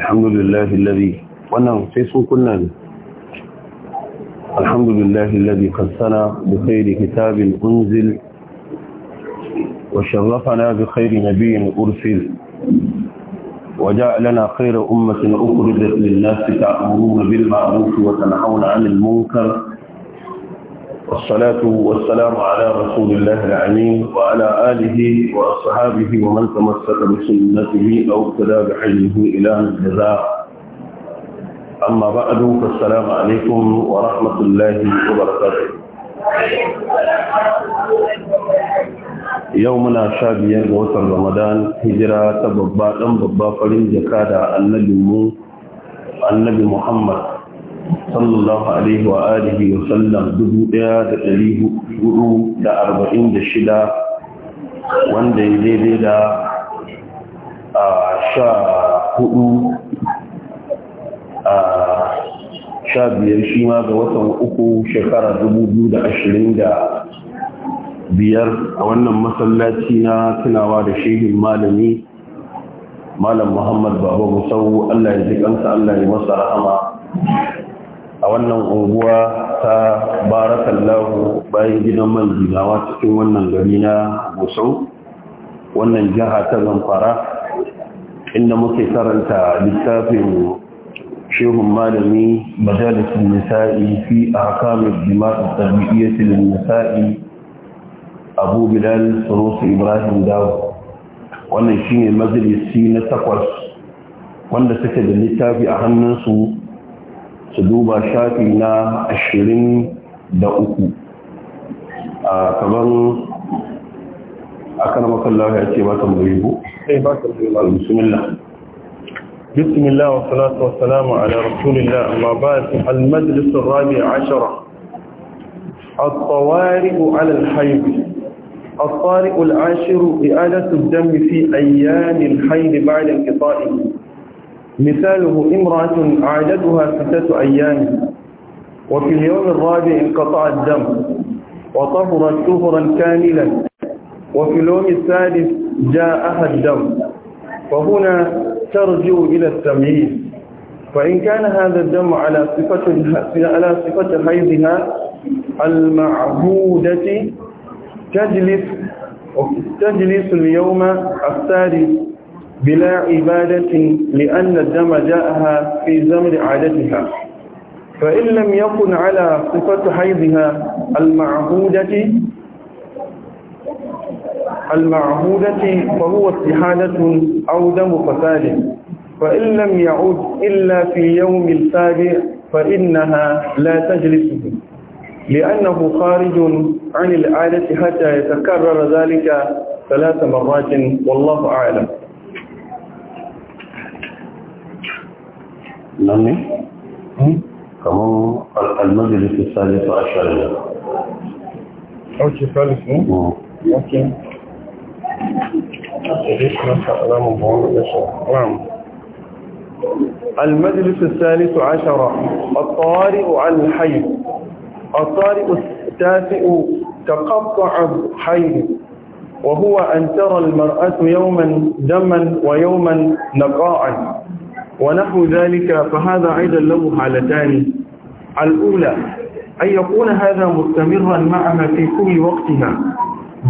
alhamdulillahi alladhi wannan sai sun kunna ne alhamdulillahi alladhi qaddana bi khayri kitabin unzil wa ummati bi khayri nabiyyin ursil وجاء لنا خير أمة أخرجت للناس تأمرون بالمعروف وتنهون عن المنكر والصلاة والسلام على رسول الله العمين وعلى آله وأصحابه ومن تمسك بسنته أو ابتدى بحيه إلى الجزاء أما بعد فالسلام عليكم ورحمة الله وبركاته يومنا شابيا وتر رمضان هجرة تبقى دم ببا فلين جكادا النبي النبي محمد sallallahu alaihi wa alihi wa sallam 1446 wanda ya daidai da a sha hudu a sha biyar shi ma ga watan uku shekara 2025 a wannan masallaci na tunawa da shehin malami malam muhammad babu musau allah ya ji kansa allah ya masa rahama a wannan unguwa ta barakallahu bayan gidan man jinawa cikin wannan gari na busau wannan jiha ta zamfara inda muke karanta littafin shehun malami majalisun nisa'i fi a kamun jima'a tabi'iyyatul nisa'i abu bilal surusu ibrahim dawo wannan shine majalisi na takwas wanda suke da littafi a hannunsu su duba shafi na ashirin da uku a kaman akan makallawa ya ce ba tambayi ko? sai ba tambayi ba bismillah بسم الله والصلاة والسلام على رسول الله أما بعد المجلس الرابع عشر الطوارئ على الحيض الطارئ العاشر إعادة الدم في أيام الحيض بعد انقطاعه مثاله امرأة عادتها ستة أيام وفي اليوم الرابع انقطع الدم وطهرت طهرا كاملا وفي اليوم الثالث جاءها الدم فهنا ترجع إلى التمييز فإن كان هذا الدم على صفة على صفة حيضها المعهودة تجلس تجلس اليوم الثالث بلا عبادة لأن الدم جاءها في زمن عادتها فإن لم يكن على صفة حيضها المعهودة المعهودة فهو استحالة أو دم فساد فإن لم يعود إلا في يوم السابع فإنها لا تجلسه لأنه خارج عن العادة حتى يتكرر ذلك ثلاث مرات والله أعلم نعم. نعم. نعم. المجلس الثالث عشر الطارئ عن الحي الطارئ التاسع تقطع الحي وهو أن ترى المرأة يوما دما ويوما نقاعا ونحو ذلك فهذا أيضا له حالتان الأولى أن يكون هذا مستمرا معها في كل وقتها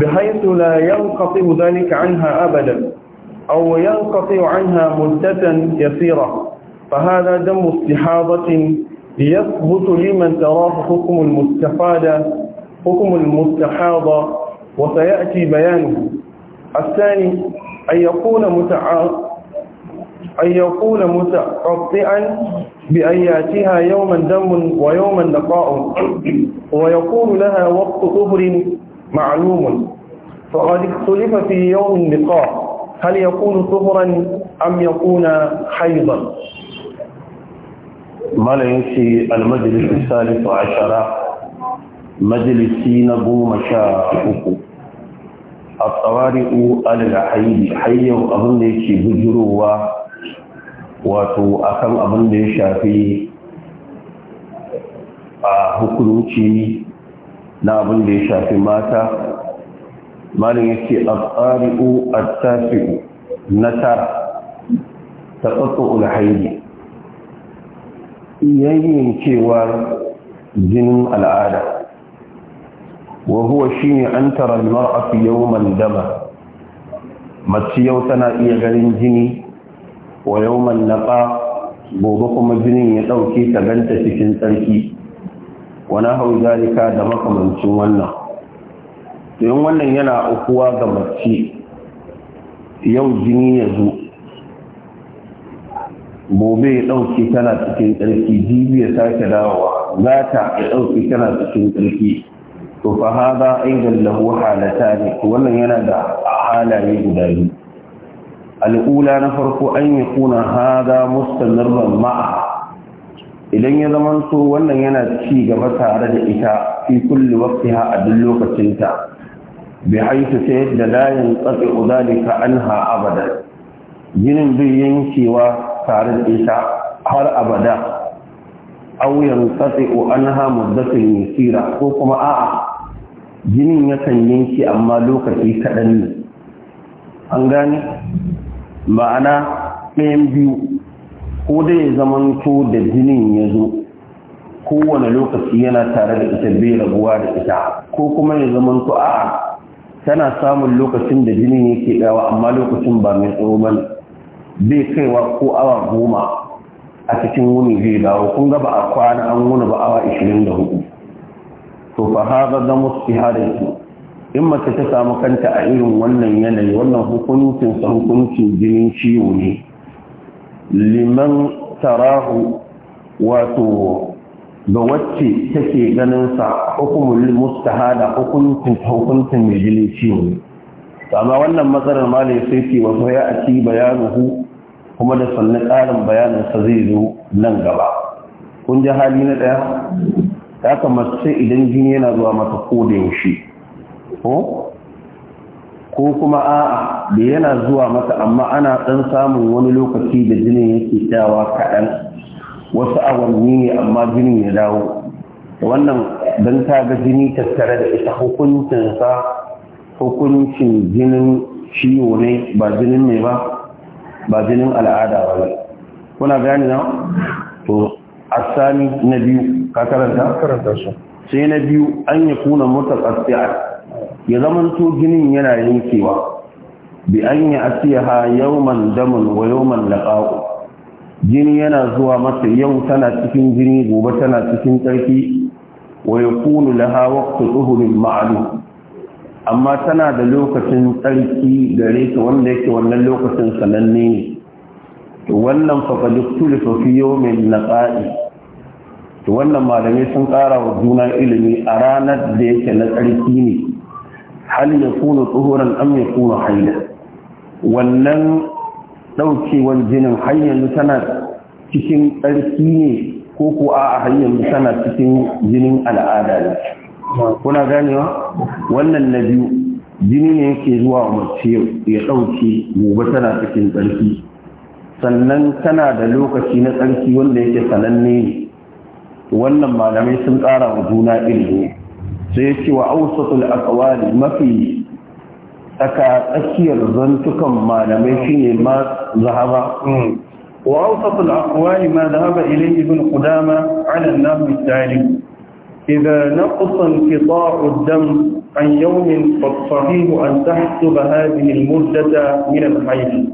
بحيث لا ينقطع ذلك عنها أبدا أو ينقطع عنها مدة يسيرة فهذا دم استحاضة يثبت لمن تراه حكم المستفادة حكم المستحاضة وسيأتي بيانه الثاني أن يكون أن يكون متقطعا بأياتها يوما دم ويوما لقاء ويكون لها وقت أبر معلوم فقد اختلف في يوم اللقاء هل يكون صهرا أم يكون حيضا ما لا ينسي المجلس الثالث عشر مجلس بو مشاعرك الطوارئ على الحيض حي أظن يكي بجروه wato akan abin da ya shafi a hukunci na abin da ya shafi mata malin ya ce a tsari'u a tafi'u na tara ta tsatsa ulhaidi yayin cewa jinin al'ada wahuwa shi ne an tara mar'afi yawon dama mace yau tana iya ganin jini wa yawman laqa gobe kuma jinin ya dauke ta ganta cikin tsarki wa hau zalika da makamancin wannan yin wannan yana ukuwa ga mace yau jini ya zo gobe ya dauke tana cikin tsarki jibi ya sake dawowa gata ya dauke tana cikin tsarki to fa hada aidan lahu halatani wannan yana da halaye guda biyu al'ula na farko an yi kuna hada mustanarban ma'a idan ya zama so wannan yana ci gaba tare da ita fi kulli waqtiha a duk lokacinta bi haythu ta yadda la yanqati udalika anha abada jinin bai yankewa tare da ita har abada aw yanqati anha muddatin yasira ko kuma a'a jinin yakan yanke amma lokaci kaɗan ne an gane ma'ana ɗayan biyu ko dai zamanto da jinin ya zo kowane lokaci yana tare da ita bai rabuwa da ita ko kuma ya zamanto a'a tana samun lokacin da jinin yake dawa amma lokacin ba mai tsoro ba bai kaiwa ko awa goma a cikin wuni zai dawo kun ga ba a kwana an wuni ba awa 24 to fa haza da musu in mace ta samu kanta a irin wannan yanayi wannan hukuncin sa hukuncin jinin ciwo ne liman tarahu wato ga wacce take ganin sa hukumul mustahada hukuncin hukuncin mai jinin ciwo ne amma wannan matsalar malai sai ke wato ya aci bayanuhu kuma da sannu ƙarin sa zai zo nan gaba kun ji hali na ɗaya ya kamata sai idan jini yana zuwa mata ko da yaushe ko kuma a'a da yana zuwa masa amma ana ɗan samun wani lokaci da jinin yake tsayawa kaɗan wasu awanni ne amma jinin ya dawo wannan don ta ga jini tattare da ita hukuncinsa hukuncin jinin ciwo ne ba jinin mai ba ba jinin al'ada ba ne kuna gani na to asali na biyu ka karanta karanta shi sai na biyu an yi kuna mota ya zamanto ginin yana yankewa bi an yi asiyaha yawman damun wa yawman laqaqu jini yana zuwa masa yau tana cikin jini gobe tana cikin tsarki wa yakunu laha waqtu tsuhurin ma'lum amma tana da lokacin tsarki gare ta wanda yake wannan lokacin sananne ne to wannan faqad ikhtalafa fi mai laqaqi to wannan malamai sun ƙara wa juna ilimi a ranar da yake na tsarki ne hal yakunu tsuhuran am yakunu haila wannan daukewar jinin har yanzu tana cikin tsarki ne ko ko a hanyar tana cikin jinin al'ada ne kuna ganewa wannan na biyu jini ne yake zuwa mace ya ɗauke gobe tana cikin tsarki sannan tana da lokaci na tsarki wanda yake sananne ne wannan malamai sun ƙara wa juna ilimi sai ya ce wa ausatul aqwali mafi tsaka tsakiyar zantukan malamai shine ma zahaba wa ausatul aqwali ma zahaba ilayhi ibn qudama ala an-nahu al-tali idha naqasa inqita'u ad-dam an yawmin fasahih an tahsub hadhihi al-muddata min al-hayy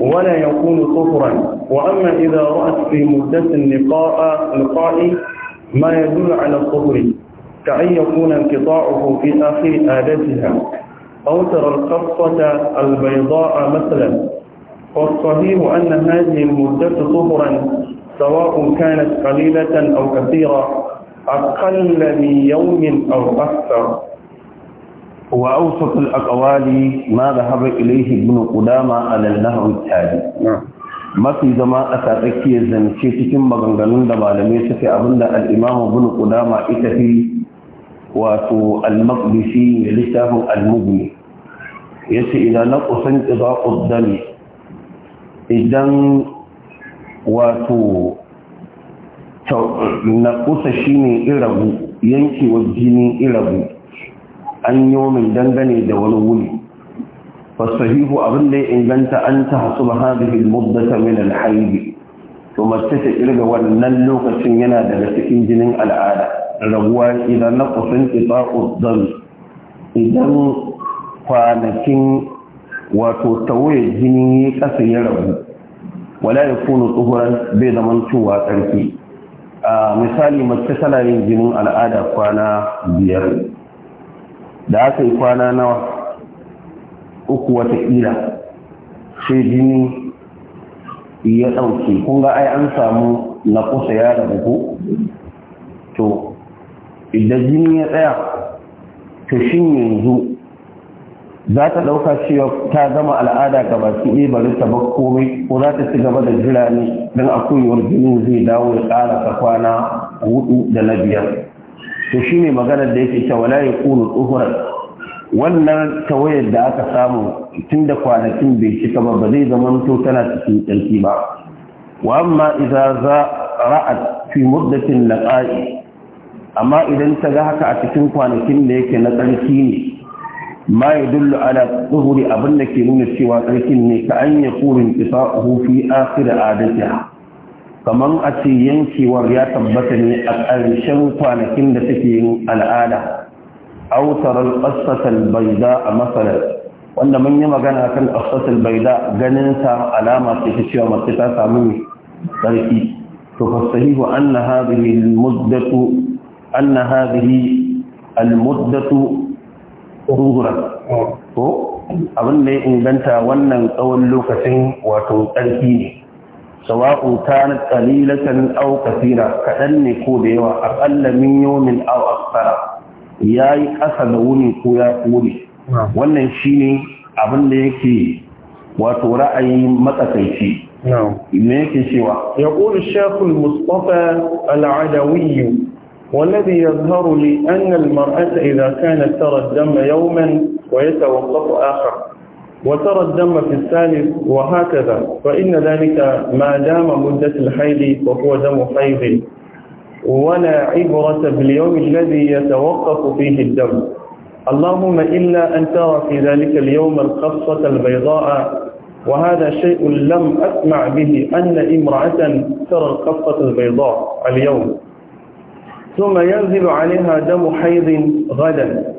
ولا يكون صفرا وأما إذا رأت في مدة اللقاء ما يدل على الصفر كأن يكون انقطاعه في آخر آلتها أو ترى القصة البيضاء مثلا والصحيح أن هذه المدة ظهرا سواء كانت قليلة أو كثيرة أقل من يوم أو أكثر وأوسط الأقوال ما ذهب إليه ابن قدامى على النهر التالي نعم. ما في زماء tsakiyar zance cikin maganganun da malamai suke ابن al'imamu bin kudama ita wato al-maqdisi da littafin al-mubni yace idan na kusan idaqud dami idan wato na kusa shine irabu yanki wa jini irabu an yi min dangane da wani wuri, fasahihu abin da ya inganta an ta hasu ba hadihi mubdata min al-haibi kuma ta irga wannan lokacin yana daga cikin jinin al'ada raguwa idan na kusan ƙita'u don idan kwanakin wato tawaye jini ƙasa ya ragu wala ya kunu tsohuran bai zaman cewa tsarki a misali mace tana yin jinin al'ada kwana biyar da aka yi kwana na uku wata ƙila sai jini ya ɗauke kun ai an samu na kusa ya rabu to idan jini ya tsaya to shi yanzu za ta ɗauka cewa ta zama al'ada ga baki ɗaya bari ta komai ko za ta ci gaba da jira ne don a jini zai dawo ya ƙara ta kwana hudu da na biyar to shi ne maganar da yake ta la ya kunu tsohuwar wannan tawayar da aka samu tun da kwanakin bai cika ba ba zai zama to tana cikin tsarki ba wa amma idza za ra'at fi muddatin naqa'i amma idan ta ga haka a cikin kwanakin da yake na tsarki ne ma ya dullu ala tsuhuri abin da ke nuna cewa tsarkin ne ka an ya kurin isa hufi da adatiha kamar a ce yankewar ya tabbata ne a ƙarshen kwanakin da suke yin al'ada autarar ƙasatar baida a masarar wanda mun yi magana kan ƙasatar baida ganin sa alama ce ta cewa mace ta samu tsarki to fasahihu anna hadhihi al-muddatu أن هذه المدة ظهرا abin da ya inganta wannan tsawon lokacin wato ƙarfi ne sawa'un ta qalilatan aw kathira kadan ne ko da yawa aqalla min yawmin aw akthara yayi ƙasa da wuni ko ya kure wannan shine abin da yake wato ra'ayi matsakaici me yake cewa yaqulu shaykhul mustafa al-adawi والذي يظهر لي أن المرأة إذا كانت ترى الدم يوما ويتوقف آخر وترى الدم في الثالث وهكذا فإن ذلك ما دام مدة الحيض وهو دم حيض ولا عبرة باليوم الذي يتوقف فيه الدم اللهم إلا أن ترى في ذلك اليوم القصة البيضاء وهذا شيء لم أسمع به أن امرأة ترى القصة البيضاء اليوم ثم ينزل عليها دم حيض غدا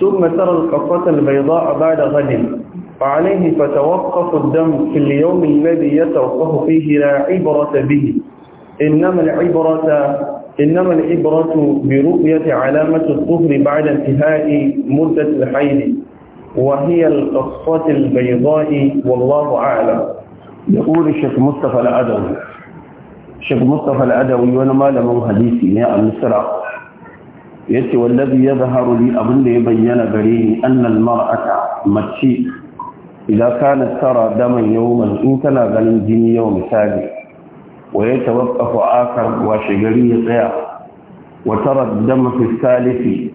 ثم ترى القصة البيضاء بعد غد فعليه فتوقف الدم في اليوم الذي يتوقف فيه لا عبرة به إنما العبرة إنما العبرة برؤية علامة الطهر بعد انتهاء مدة الحيض وهي القصة البيضاء والله أعلم يقول الشيخ مصطفى الأدم Sheikh Mustapha al wani malamin hadisi ne a Misra yace ya yadhharu abin da ya bayyana gare ni annal mar'ata mace idan kana tara daman yawman in tana ganin jini yau misali wa ya tawaqqafu akar wa shigari ya tsaya wa tara dama fi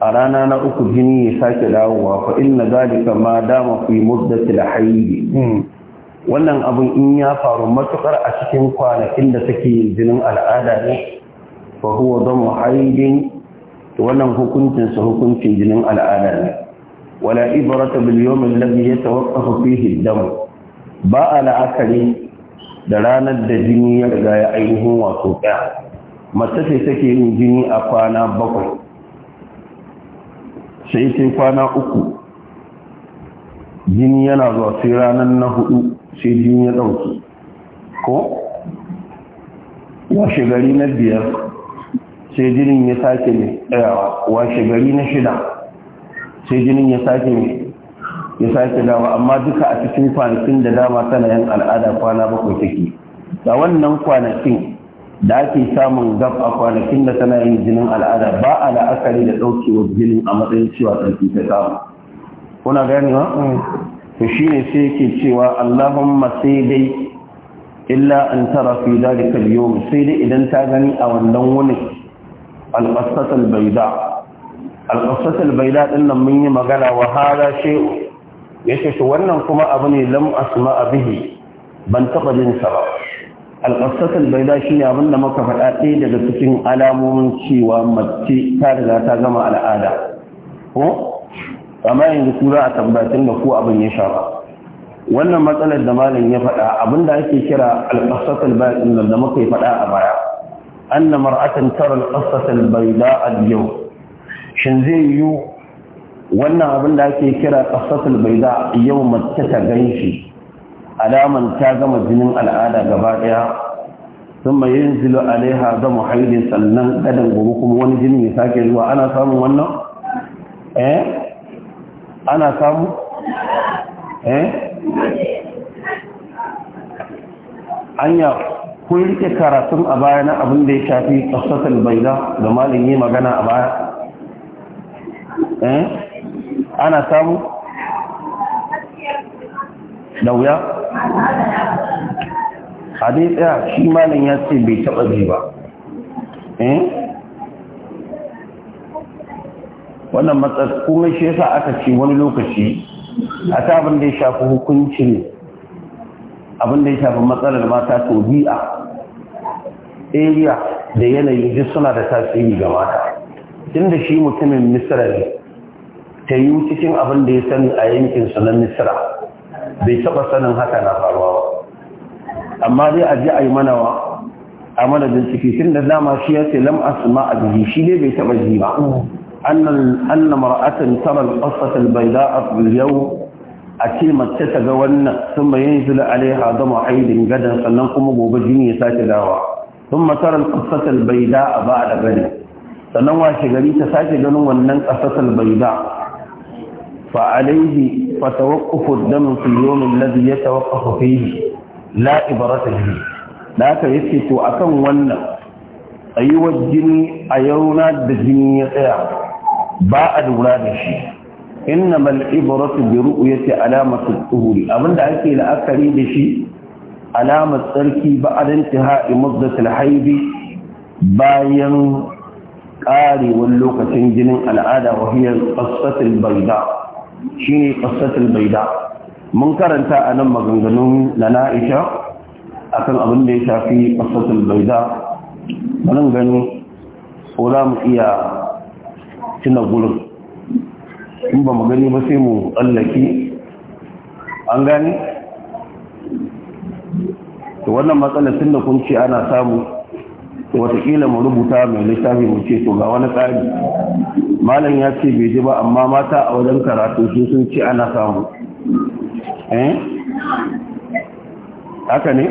a rana na uku jini ya sake dawowa fa inna zalika ma dama fi muddatil hayy hmm. wannan abin in ya faru matukar a cikin kwanakin da take yin jinin al'ada ne fa huwa damu haidin to wannan hukuncin sa hukuncin jinin al'ada ne wala ibrata bil yawm alladhi yatawaqqafu fihi ad-dam ba ala la'akari da ranar da jini ya riga ya ainihin wato ɗaya mace ce take yin jini a kwana bakwai sai sai kwana uku jini yana zuwa sai ranar na hudu sai jini ya ɗauki ko washe gari na biyar sai jinin ya sake ne tsayawa washe gari na shida sai jinin ya sake ne ya sake dawa amma duka a cikin kwanakin da dama sanayin al'ada kwana bakwai take da wannan kwanakin da ake samun gab a kwanakin da tana yin jinin al'ada ba a la'akari da ɗaukewar jinin a matsayin cewa tsarki ta samu kuna gani wa? to ne sai yake cewa Allahumma sai dai illa an tara fi dalika al-yawm sai dai idan ta gani a wannan wuni al-qasat al-bayda al-qasat al-bayda din nan mun yi magana wa hada shay'u yace to wannan kuma abu ne lam asma bihi ban taba jin sa ba al-qasat al-bayda shine abin da muka faɗa ɗaya daga cikin alamomin cewa mace ta riga ta gama al'ada ko amma yanzu ku za a tabbatar da ko abin ya shafa wannan matsalar da malam ya faɗa abin da ake kira al-qasas da muka faɗa a baya anna mar'atan tara al-qasas al-bayda shin zai yiwu wannan abin da ake kira qasas bai da yau mace ta ganshi alaman ta gama jinin al'ada gaba daya ثم ينزل alaiha دم حيض sannan gadan gobe kuma wani jini ya sake zuwa ana samun wannan eh ana samu eh anya kun rike karatun a baya na abin da ya shafi kasatul baida da malin yi magana a baya eh ana samu da wuya a dai tsaya shi malin ya ce bai taba ji ba eh wannan matsar kuma shi yasa aka ce wani lokaci a ta abin da ya shafi hukuncin abin da ya shafi matsalar mata to bi'a area da yanayi duk suna da tasiri ga mata inda shi mutumin misra ne ta yi cikin abin da ya sani a yankin su na misra bai taba sanin haka na faruwa ba amma dai a ji a yi manawa a madadin ciki tun da dama shi ya ce lam asma a biyu shi ne bai taba ji ba أن أن امرأة ترى القصة البيضاء في اليوم أتيم تتجون ثم ينزل عليها دم عيد غدا سننكم وبجني ساكداوا ثم ترى القصة البيضاء بعد غد سنوا شغري تساكي غنون wannan قصة البيضاء فعليه فتوقف الدم في اليوم الذي يتوقف فيه لا إبرة به لا تيسكت أكن wannan أيوة الجني أيونا الجني يقع ba a lura da shi innamal ibratu bi ru'yati alamatu tuhuri abinda ake la'akari da shi alamar tsarki ba'ad intihai muddatil haidi bayan karewar lokacin jinin al'ada wa hiya qassatul bayda shine qassatul bayda mun karanta anan maganganun na Aisha akan abin da ya shafi qassatul bayda mun gani ko za mu iya tuna gurin in ba mu gani ba sai mu tsallaki an gani to wannan matsalar tun da kun ce ana samu watakila mu rubuta mai littafi mu ce to ga wani tsari malam ya ce bai ji ba amma mata a wajen karatu sun sun ce ana samu eh haka ne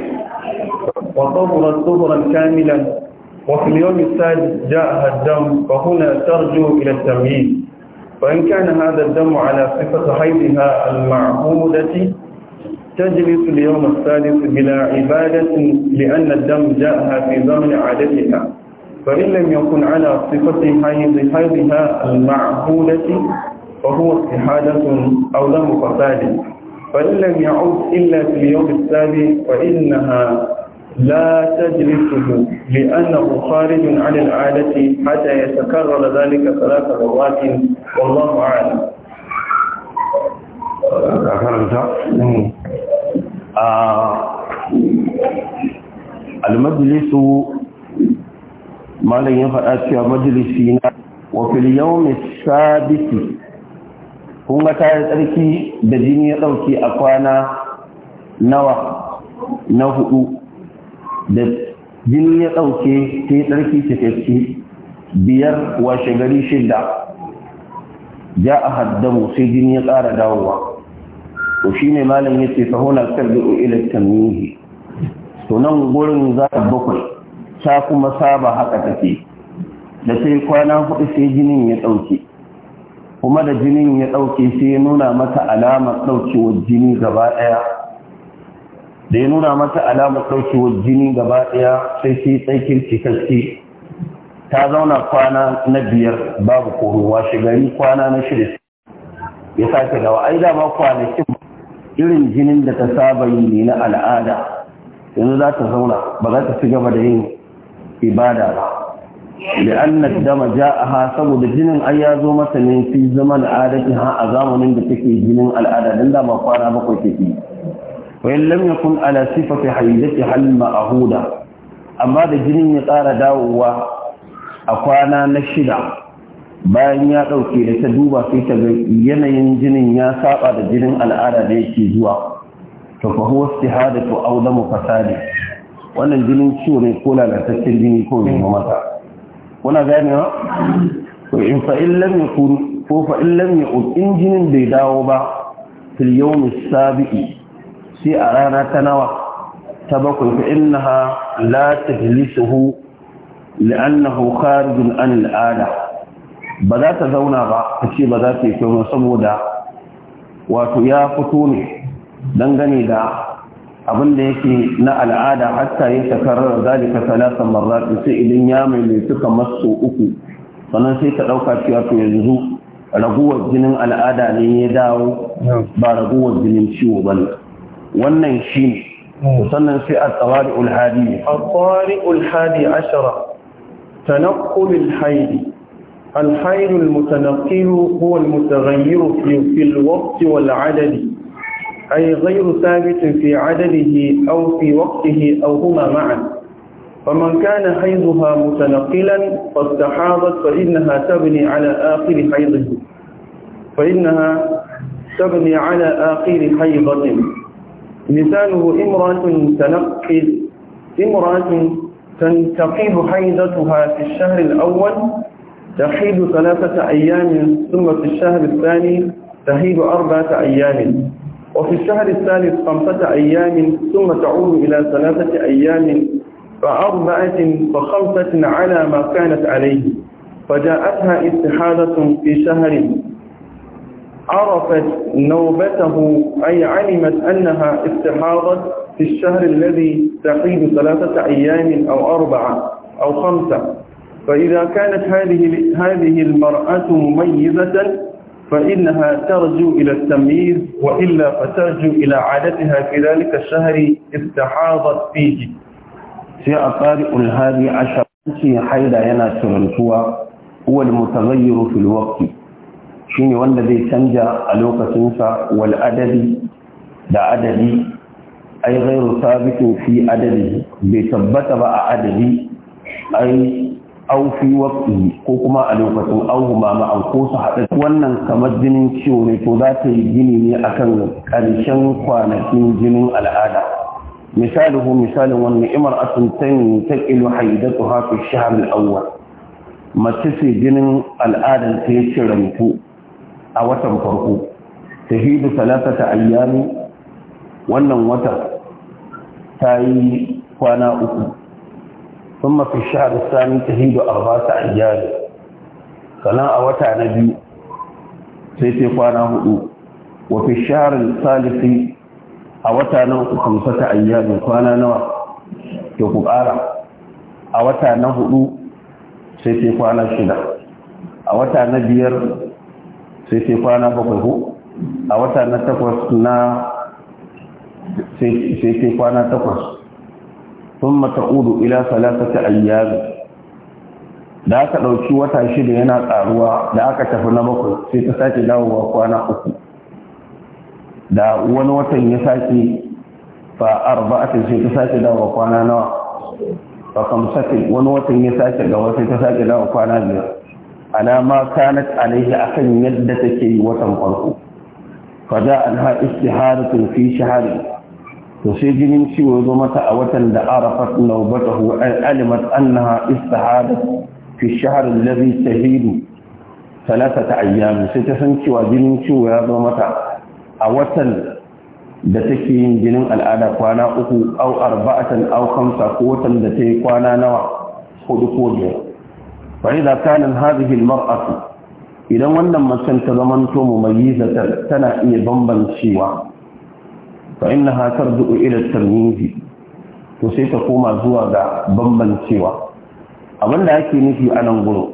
wa tsohuran tsohuran kamilan وفي اليوم الثالث جاءها الدم فهنا ترجو إلى التمييز وإن كان هذا الدم على صفة حيضها المعهودة تجلس اليوم الثالث بلا عبادة لأن الدم جاءها في ضمن عادتها فإن لم يكن على صفة حيض حيضها المعهودة فهو استحادة أو دم فساد فإن لم يعود إلا في اليوم الثالث فإنها لا تجلسه لأنه خارج عن العادة حتى يتكرر ذلك ثلاث مرات والله أعلم المجلس ما لن يفعل في مجلسنا وفي اليوم السادس هم ta yi tsarki da في أقوانا ɗauki a da jini ya ɗauke ta sai tsarki cikakke biyar washe gari shida ja a haddamu sai jini ya ƙara dawowa to shi ne malam ya ce hona sahona karbi'u ila nuhi to nan gurin za ta bakwai ta kuma saba haka tafi da sai kwana hudu sai jinin ya ɗauke kuma da jinin ya ɗauke sai ya nuna mata alamar ɗaukewar jini gaba ɗaya da ya nuna mata alamar ɗaukewar jini gaba ɗaya sai shi tsakin cikakke ta zauna kwana na biyar babu korowa shigari kwana na shida ya sake dawa ai ba kwanakin irin jinin da ta saba yi ne na al'ada yanzu za ta zauna ba za ta ci gaba da yin ibada ba da an dama ja'aha saboda jinin ai ya zo mata ne fi zaman ha a zamanin da take jinin al'ada dan dama kwana bakwai take wayan lam yakun ala sifati haidati hal ma'huda amma da jinin ya tsara dawowa a kwana na shida bayan ya dauke da ta duba sai ta ga yanayin jinin ya saba da jinin al'ada da yake zuwa to fa huwa istihadatu aw damu fasadi wannan jinin ciwo ne ko lalataccen jini ko ne mata kuna ganewa to in fa in yakun ko fa in lam yakun in jinin bai dawo ba fil yawm as-sabi'i sai a rana ta nawa ta bakwai fa innaha la tajlisuhu li'annahu kharijun an al'ada ba za ta zauna ba ta ce ba za ta yi kyau saboda wato ya fito ne dangane da abin da yake na al'ada hatta ya takarar zalika talatan marrati sai idan ya mai suka masu uku sannan sai ta ɗauka cewa yanzu raguwar jinin al'ada ne ya dawo ba raguwar jinin ciwo ba ne wannan shi ne hmm. sannan sai a tsawari ulhadi a tsawari ulhadi ashara تنقل الحيض الحيض المتنقل هو المتغير في, في الوقت والعدد أي غير ثابت في عدده أو في وقته أو هما معا فمن كان حيضها متنقلا فاستحاضت فإنها تبني على آخر حيضه فإنها تبني على آخر حيضه لسانه امرأة تنقل امرأة تنتقل حيضتها في الشهر الأول تحيد ثلاثة أيام ثم في الشهر الثاني تحيد أربعة أيام وفي الشهر الثالث خمسة أيام ثم تعود إلى ثلاثة أيام فأربعة فخمسة على ما كانت عليه فجاءتها استحالة في شهر عرفت نوبته أي علمت أنها استحاضت في الشهر الذي تحيد ثلاثة أيام أو أربعة أو خمسة فإذا كانت هذه هذه المرأة مميزة فإنها ترجو إلى التمييز وإلا فترجو إلى عادتها في ذلك الشهر استحاضت فيه في الطارق الهادي عشر في حيدا ينا سرنتوا هو المتغير في الوقت shine wanda zai canja a lokacinsa wal adadi da adadi ai ghairu sabitin fi adadi bai tabbata ba a adadi ai au fi waqti ko kuma a lokacin au ma ma an ko su hada wannan kamar jinin ciwo ne to za ta yi gini ne akan karshen kwanakin jinin al'ada misaluhu misalin wannan imra'atun tanqilu ta fi ash-shahr al-awwal mace ce jinin al'adar ta ya cirantu a watan farko tahidu ta ayyami wannan wata ta yi kwana uku ثم sami الشهر الثاني تهيد ta ayyami. sannan a wata na biyu sai ta kwana hudu wafi shaharar salisi a wata na uku kamsata ayyami kwana nawa ke ku kara a wata na hudu sai ta kwana shida a wata na biyar sai sai kwana bakwai ko a wata na takwas na sai sai kwana takwas sun mata'udu ila salatata ayyami da aka ɗauki wata shida yana ƙaruwa da aka tafi na bakwai sai ta sake dawowa kwana uku da wani watan ya sake fa arba'atin sai ta sake dawowa kwana nawa fa kamsatin wani watan ya sake ga wata ta sake dawowa kwana biyar alama kanat alaihi akan yadda take yi watan farko faja anha istiharatun fi shahari to sai jinin ciwo zo mata a watan da arafat nawbatahu an alimat annaha istiharat fi shahr alladhi tahidu thalathata ayyam sai ta san cewa jinin ciwo ya zo mata a watan da take yin jinin al'ada kwana uku au arba'atan au khamsa ko watan da ta yi kwana nawa hudu ko biyar فإذا كان هذه المرأة إذا ولم مسن تضمنت مميزة تنا إي ضمبا سوى فإنها ترجع إلى التمييز وسيتقوم زوى ضمبا سوى أظن لكن في أنا نقول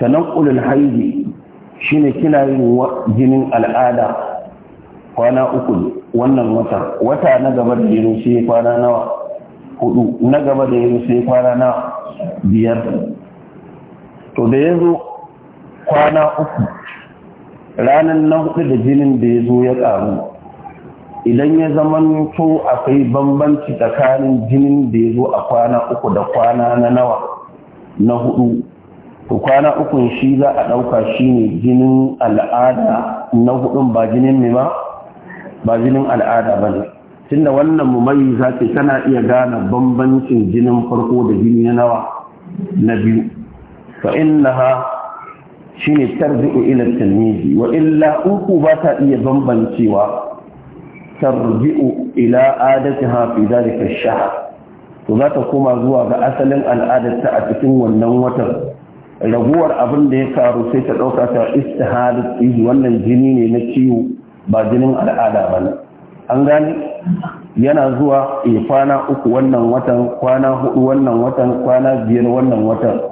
تنقل الحيض shine kina yin jinin al'ada kwana uku wannan wata wata na gaba da yin sai kwana nawa hudu na gaba da yin sai kwana na biyar to da ya zo kwana uku ranar na hudu da jinin da ya zo ya ƙaru idan ya zama to akwai bambanci tsakanin jinin da ya zo a kwana uku da kwana na nawa na hudu to kwana uku shi za a ɗauka shi ne jinin al'ada na hudun ba jinin ne ba ba jinin al'ada ba ne tunda wannan mumayi za tana iya gane bambancin jinin farko da jini na nawa na biyu fa innaha shine tarji'u ila tilmizi wa uku ba ta iya bambancewa tarji'u ila adatiha fi dhalika ash to za ta koma zuwa ga asalin al'adarta a cikin wannan watan raguwar abin da ya karu sai ta ɗauka ta istihadar ihu wannan jini ne na ciwo ba jinin al'ada ba an gani yana zuwa ya eh, kwana uku wannan watan kwana hudu wannan watan kwana biyar wannan watan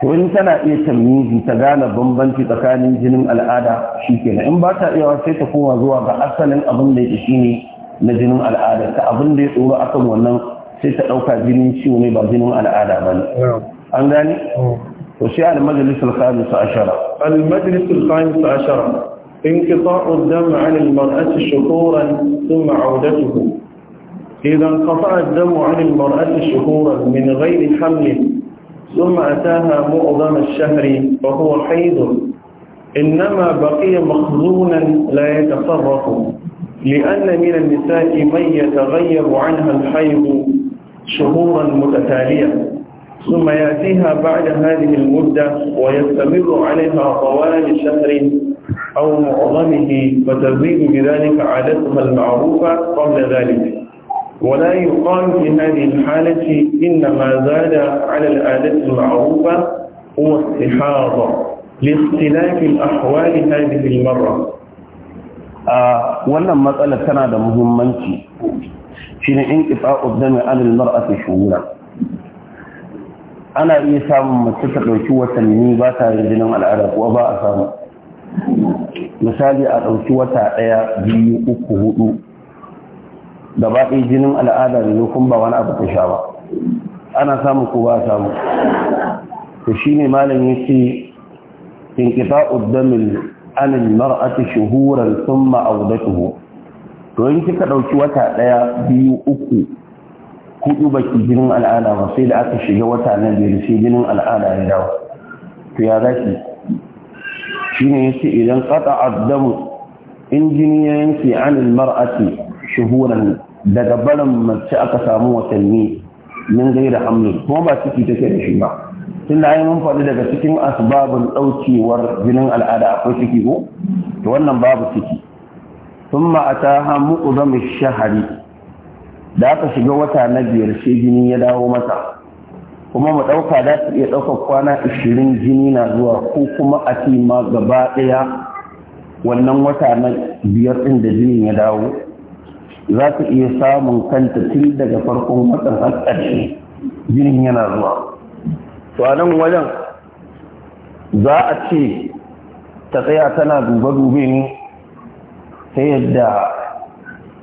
to in tana iya tamyizi ta gane bambanci tsakanin jinin al'ada shikenan in ba ta iya sai ta koma zuwa ga asalin abin da yake shine na jinin al'ada ta abin da ya tsoro akan wannan sai ta ɗauka jinin ciwo ne ba jinin al'ada ba ne an gane to sai al-majlis al-khamis ashara al-majlis al-khamis ashara انقطاع الدم عن المرأة شهورا ثم عودته إذا انقطع الدم عن المرأة شهورا من غير حمل ثم أتاها معظم الشهر وهو حيض إنما بقي مخزونا لا يتصرف لأن من النساء من يتغير عنها الحيض شهورا متتالية ثم يأتيها بعد هذه المدة ويستمر عليها طوال شهر أو معظمه فتزيد بذلك عادتها المعروفة قبل ذلك ولا يقال في هذه الحالة إنما زاد على الآلة المعروفة هو استحاضة لاختلاف الأحوال هذه المرة wannan matsalar tana da muhimmanci shi ne in ƙifa ƙudami anil mar'ati shura ana iya samun mace ta ɗauki watanni ba ta yin jinin al'ada kuwa ba a samu misali a ɗauki wata ɗaya biyu uku hudu gaba ɗaya jinin al'ada ne kuma ba wani abu ta sha ba ana samu ko ba samu to shi malam yace inqita'u damil an al-mar'ati shuhuran thumma awdatuhu to in kika ɗauki wata ɗaya biyu uku hudu baki jinin al'ada ba sai da aka shiga wata na biyar sai jinin al'ada ya dawo to ya zaki shine yace idan qata'a ad in jini ya yanke an marati shuhuran daga barin mace aka samu watanni min gaira hamlin kuma ba ciki take da shi ba tun da mun faɗi daga cikin asbabin ɗaukewar jinin al'ada akwai ciki ko to wannan babu ciki sun ma'ata hamu uzamin shahari da aka shiga wata na biyar sai jini ya dawo mata kuma mu ɗauka za su iya ɗaukar kwana ashirin jini na zuwa ko kuma a ma gaba ɗaya wannan wata na biyar ɗin da jinin ya dawo za ta iya samun kanta tun daga farkon watan hankali ƙarshe jinin yana zuwa to wajen za a ce ta tsaya tana duba dube ne ta yadda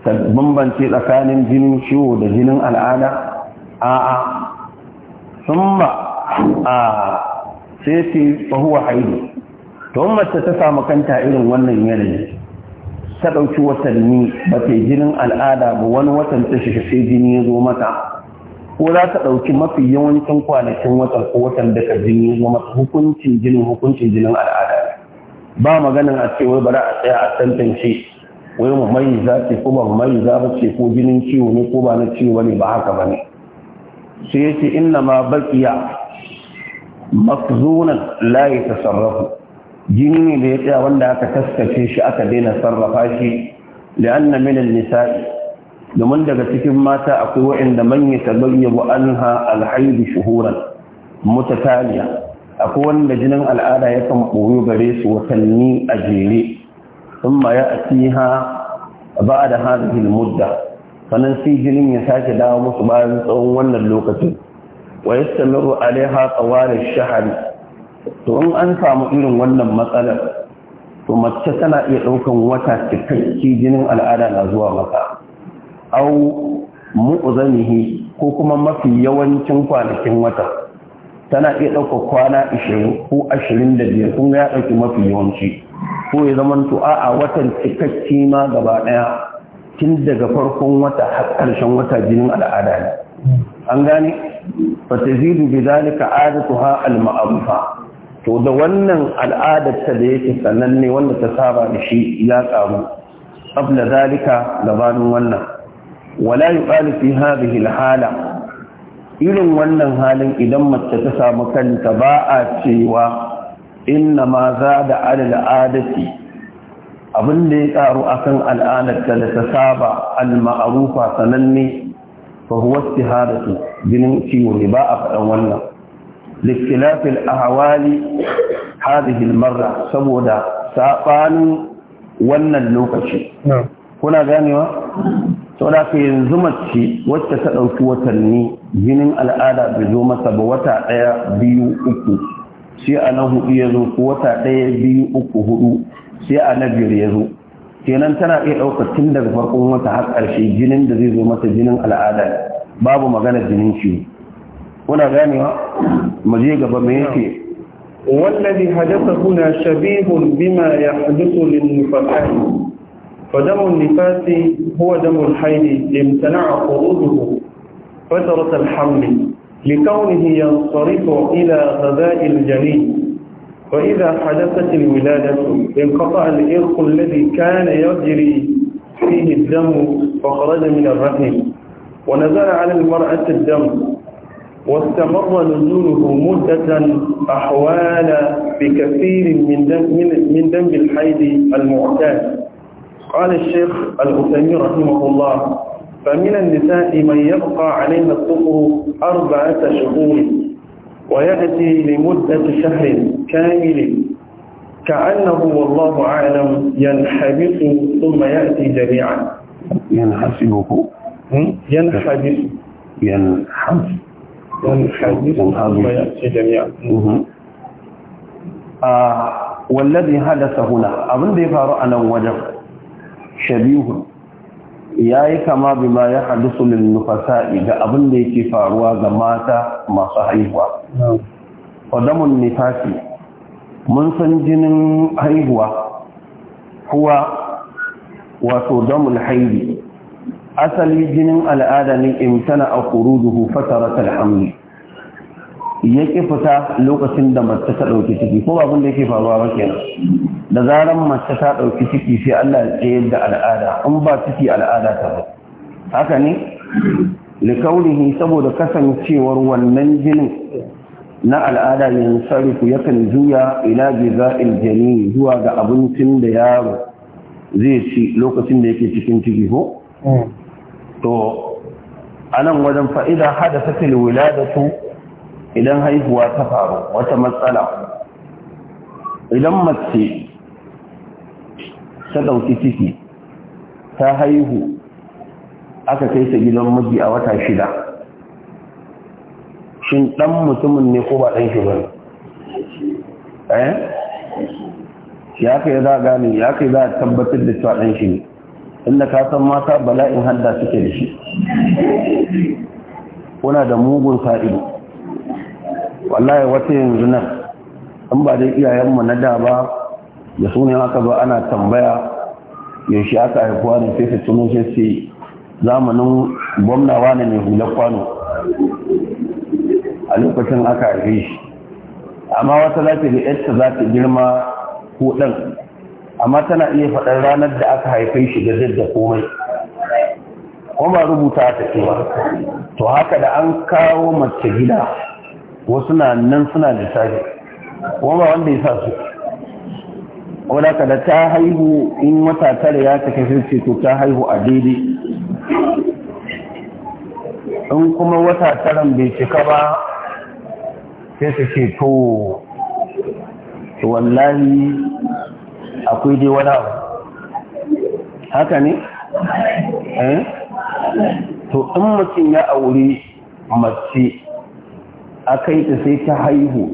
ta bambance tsakanin jinin ciwo da jinin al'ada a'a sun ba a sai ce fahuwa haidu to mace ta samu kanta irin wannan yanayi ta ɗauki watanni ba ta jinin al'ada ba wani watan ta jini ya zo mata ko za ta ɗauki mafi yawancin kwanakin watan ko watan da ka jini ya zo mata hukuncin jinin hukuncin jinin al'ada ba maganin a ce wai bari a tsaya a tantance wai mu mai za ce ko ba mai za ba ce ko jinin ciwo ne ko ba na ciwo ba ne ba haka ba ne sai ya ce inna ma baƙiya mafzunan la ta jini ne da ya tsaya wanda aka taskace shi aka daina sarrafa shi na minin nisa'i domin daga cikin mata akwai wa'inda man yatabayyabu anha al Alhaibu shuhuran mutataliya akwai wanda jinin al'ada yakan ɓoyo gare su watanni a jere thumma ya'tiha ba'da da al-mudda sannan sai jinin ya sake dawo musu bayan tsawon wannan lokacin wa yastamirru alaiha tsawal shahari to in an samu irin wannan matsalar to mace tana iya ɗaukan wata cikakke jinin al'ada na zuwa maka au mu'uzanihi ko kuma mafi yawancin kwanakin wata tana iya ɗauka kwana 20 ko 25 kun ga ya ɗauki mafi yawanci ko ya zama to a watan cikakke ma gaba ɗaya tun daga farkon wata har ƙarshen wata jinin al'ada ne an gane fatazidu bi zalika adatuha al-ma'rufa to da wannan al'adarta da yake sananne wanda ta saba da shi ya karu abla zalika gabanin wannan wala yuqalu fi hadhihi alhala irin wannan halin idan mace ta samu kanta ba a cewa inna ma za da al'adati abin da ya karu akan al'adarta da ta saba al-ma'rufa sananne fa huwa istihadatu jinin ciwo ne ba a faɗan wannan لاختلاف الأهوال هذه hilmarra saboda سابان wannan lokaci. kuna ganewa sau da ka yanzu mace wacce ta ɗauki watanni jinin al'ada bai zo masa ba wata ɗaya biyu uku sai a na hudu ya zo ko wata ɗaya biyu uku hudu sai a na biyar ya zo kenan tana iya ɗaukar tun daga farkon wata har ƙarshe jinin da zai zo mata jinin al'ada babu magana jinin ciwo هنا ganewa mu je والذي حدث هنا شبيه بما يحدث للنفاقات فدم النفاس هو دم الحي لامتنع خروجه فترة الحمل لكونه ينصرف إلى غذاء الجنين فإذا حدثت الولادة انقطع الإرق الذي كان يجري فيه الدم فخرج من الرحم ونزل على المرأة الدم واستمر نزوله مدة أحوال بكثير من دم من دم الحيض المعتاد قال الشيخ الأثيمي رحمه الله فمن النساء من يبقى عليها الطهر أربعة شهور ويأتي لمدة شهر كامل كأنه والله أعلم ينحبس ثم يأتي جميعا ينحسبه ينحبس ينحبس والحديث ما يأتي جميعا والذي ya ya faru a nan wajen shabihu ya yayi kama bima ya hadisu lil nufasa'i ga abin da yake faruwa ga mata masu haihuwa qadamun nifasi mun san jinin haihuwa kuwa wato damul haihu. asali jinin al'ada ne imtana a kuruduhu fatarat alhamli ya ƙi fita lokacin da mace ta ɗauki ciki ko abin da yake faruwa ba kenan da zaran mace ta ɗauki ciki sai Allah ya tsayar da al'ada in ba ciki al'ada ta ba haka ne likaunihi saboda kasancewar wannan jinin na al'ada yin sarifu yakan juya ila in jani zuwa ga abincin da yaro zai ci lokacin da yake cikin ciki ko hmm. to a nan wajen fa'ida hada ta filwila da su idan haihuwa ta faru wata matsala idan mace ta ɗauki ciki ta haihu aka kai ta gidan miji a wata shida shin ɗan mutumin ne ko ba ɗan shi ba eh ya kai za a gane ya kai za a tabbatar da cewa ɗan shi ne inda ka san mata bala'in hadda suke da shi kuna da mugun saido wallahi wata yanzu nan an ba dai iyayenmu na da ba da su ne aka ba ana tambaya yaushe aka haifuwa ne sai su tuno sai su zamanin gwamnawa ne mai hular kwano a lokacin aka haife shi amma wata za ta da yadda za ta girma ko ɗan amma tana iya faɗar ranar da aka haife shi da zai da komai kuma rubuta ta cewa to haka da an kawo mace gida wasu na nan suna lissafi kuma wanda ya sa su wadda da ta haihu in wata tare ya ta kafin ce to ta haihu a daidai in kuma wata taron bai cika ba sai ta ce to wallahi akwai dai wani abu haka ne eh to in mutum ya aure mace akai ta sai ta haihu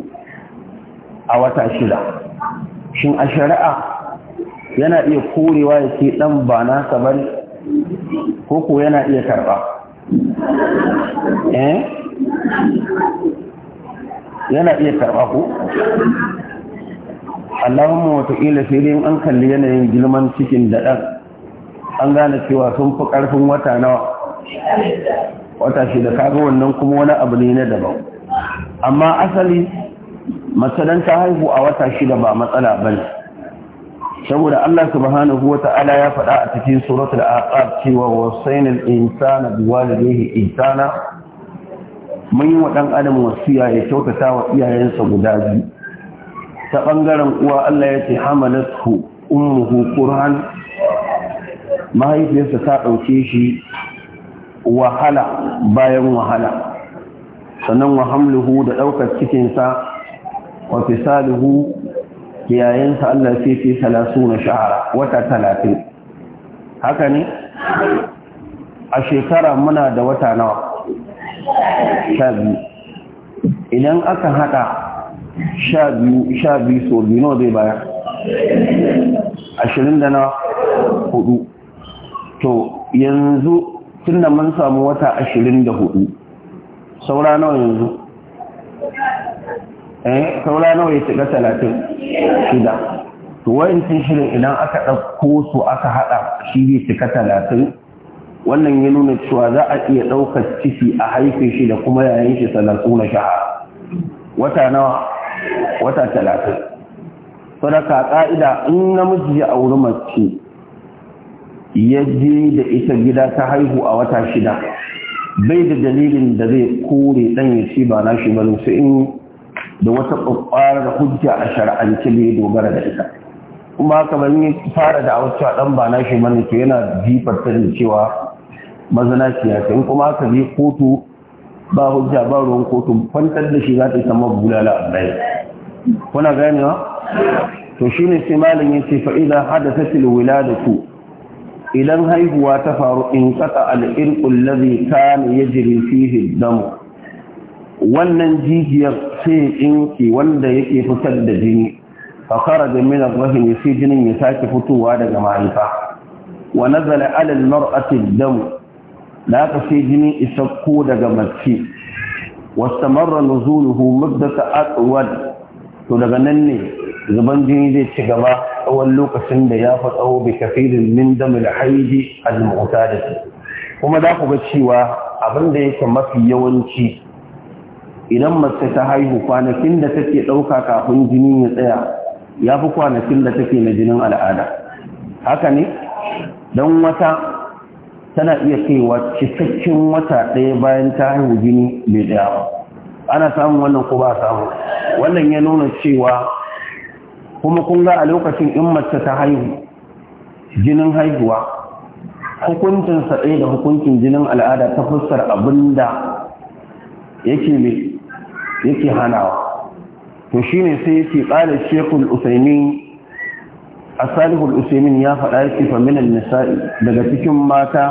a wata shida shin a shari'a yana iya korewa ya ce dan ba na kamar koko yana iya karba eh yana iya karba ko allahumma wataƙila sai dai an kalli yanayin girman cikin da ɗan an gane cewa sun fi ƙarfin wata nawa wata shi da kaga wannan kuma wani abu ne na daban amma asali mace ta haihu a wata shida ba matsala ba ne saboda Allah subhanahu wa ta'ala ya faɗa a cikin suratul aqab cewa wasainal insana biwalidayhi insana mun yi wa dan adam wasiya ya kyautata wa iyayensa guda biyu ta ɓangaren uwa Allah ya ce hamalatu ummuhu mahaifiyarsa ta ɗauke shi wahala bayan wahala sannan wa hamluhu da ɗaukar cikinsa wa fisaluhu yayinsa Allah sai ce talasu na shahara wata talatin haka ne a shekara muna da wata nawa sha idan aka haɗa sha biyu sha biyu so biyu nawa zai bayar ashirin da na hudu to yanzu tun da mun samu wata ashirin da hudu saura nawa yanzu eh saura nawa ya shiga talatin shida to wayancin shirin idan aka ɗauko su aka haɗa shi zai shiga talatin wannan ya nuna cewa za a iya ɗaukar ciki a haife shi da kuma yayin shi talatin na sha'a wata nawa wata talatin sadaka ƙa'ida in namiji ya auri mace ya je da ita gida ta haihu a wata shida bai da dalilin da zai kore dan ya ci ba nashi ba sai in da wata da hujja a shar'anci ne dogara da ita kuma kamar ni fara da wacce dan ba nashi to yana jifar ta da cewa na siyasa in kuma ka je kotu ba hujja ba ruwan kotu kwantar da shi za ta yi sama bulala a bayan kuna wa? to ne sai malam hada fa tilwila da su idan haihuwa ta faru in al'irƙun al ta ne ya yajri fihi ad wannan jijiyar sai inki wanda yake fitar da jini a kharaja min ar-rahim sai jinin ya sake fitowa daga mahaifa wa nazala ala al-mar'ati ad-dam la ka sai jini isakko daga mace واستمر نزوله ta أطول to daga nan ne zuban jini zai ci gaba tsawon lokacin da ya fi tsawo bi kafirin min da haidi al-mu'ta da su kuma za ku ga cewa abin da yake mafi yawanci idan mace ta haihu kwanakin da take ɗauka kafin jini ya tsaya ya fi kwanakin da take na jinin al'ada haka ne don wata tana iya kaiwa cikakken wata ɗaya bayan ta haihu jini bai ɗaya ba ana samun wannan ko ba samu wannan ya nuna cewa kuma kun ga a lokacin in mace ta haihu jinin haihuwa hukuncin sa ɗaya da hukuncin jinin al'ada ta fuskar abin da yake ne yake hanawa to shine sai yake ƙara shekul usaimi a salihul usaimin ya faɗa yake faminan nisa'i daga cikin mata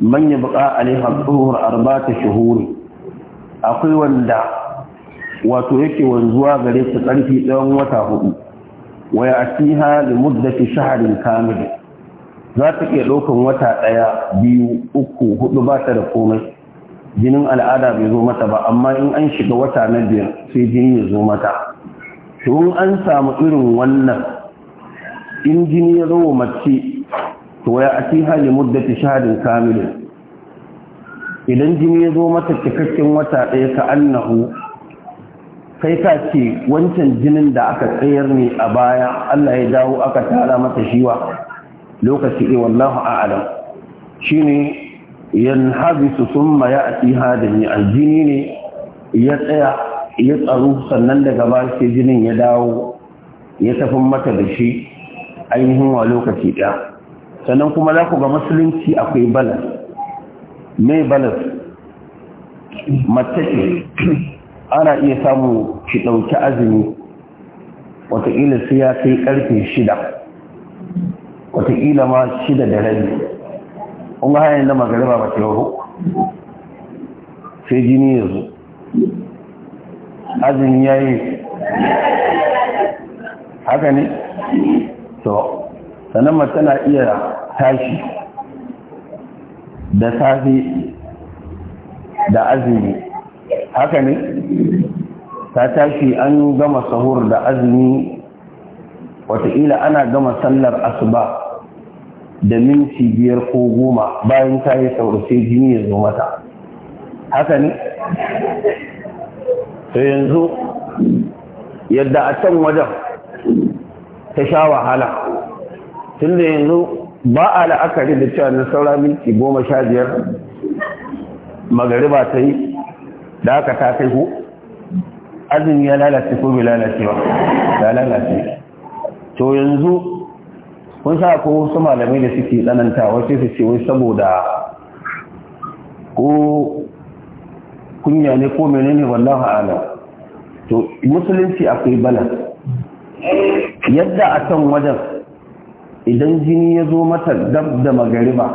manya buƙa alaiha tsohuwar arba shuhuri akwai wanda wato yake wanzuwa gare su ƙarfi ɗan wata hudu wa ya atiha li muddati shaharin kamil za ta iya ɗaukar wata ɗaya biyu uku hudu ba ta da komai jinin al'ada bai zo mata ba amma in an shiga wata na biyar sai jini ya zo mata to in an samu irin wannan in jini ya zo mace to ya atiha li muddati shaharin kamil idan jini ya zo mata cikakken wata ɗaya ka annahu kai ka ce wancan jinin da aka tsayar ne a baya Allah ya dawo aka tara mata shiwa lokaci ɗaya wallahu a'alam shine yanhabisu ya ya'ti hadani Al-jini ne ya tsaya ya tsaro sannan daga ba sai jinin ya dawo ya tafi mata da shi ainihin wa lokaci ɗaya sannan kuma za ku ga musulunci akwai balas mai balas mace ce ana iya samu ki ɗauki azumi wataƙila sai ya kai ƙarfe shida wataƙila ma shida da rai kun ga hanyar da magariba ba ta yau sai jini ya zo azumi ya yi haka ne to sannan mace na iya tashi da safe da azumi haka ne ta tashi an gama sahur da azumi wataƙila ana gama sallar asuba da minti biyar ko goma bayan ta yi sauri sai jini ya zo mata haka ne to yanzu yadda a can wajen ta sha wahala tun da yanzu ba a la'akari da cewa na saura minti goma sha biyar magariba ta yi da aka ta kai ku azumi ya lalace ko bai lalace ba ya lalace to yanzu kun sa ko wasu malamai da suke tsananta wasu su ce wai saboda ko kunya ne ko mene ne wallahu a'lam to musulunci akwai balas yadda a kan wajen idan jini ya zo mata dab da magariba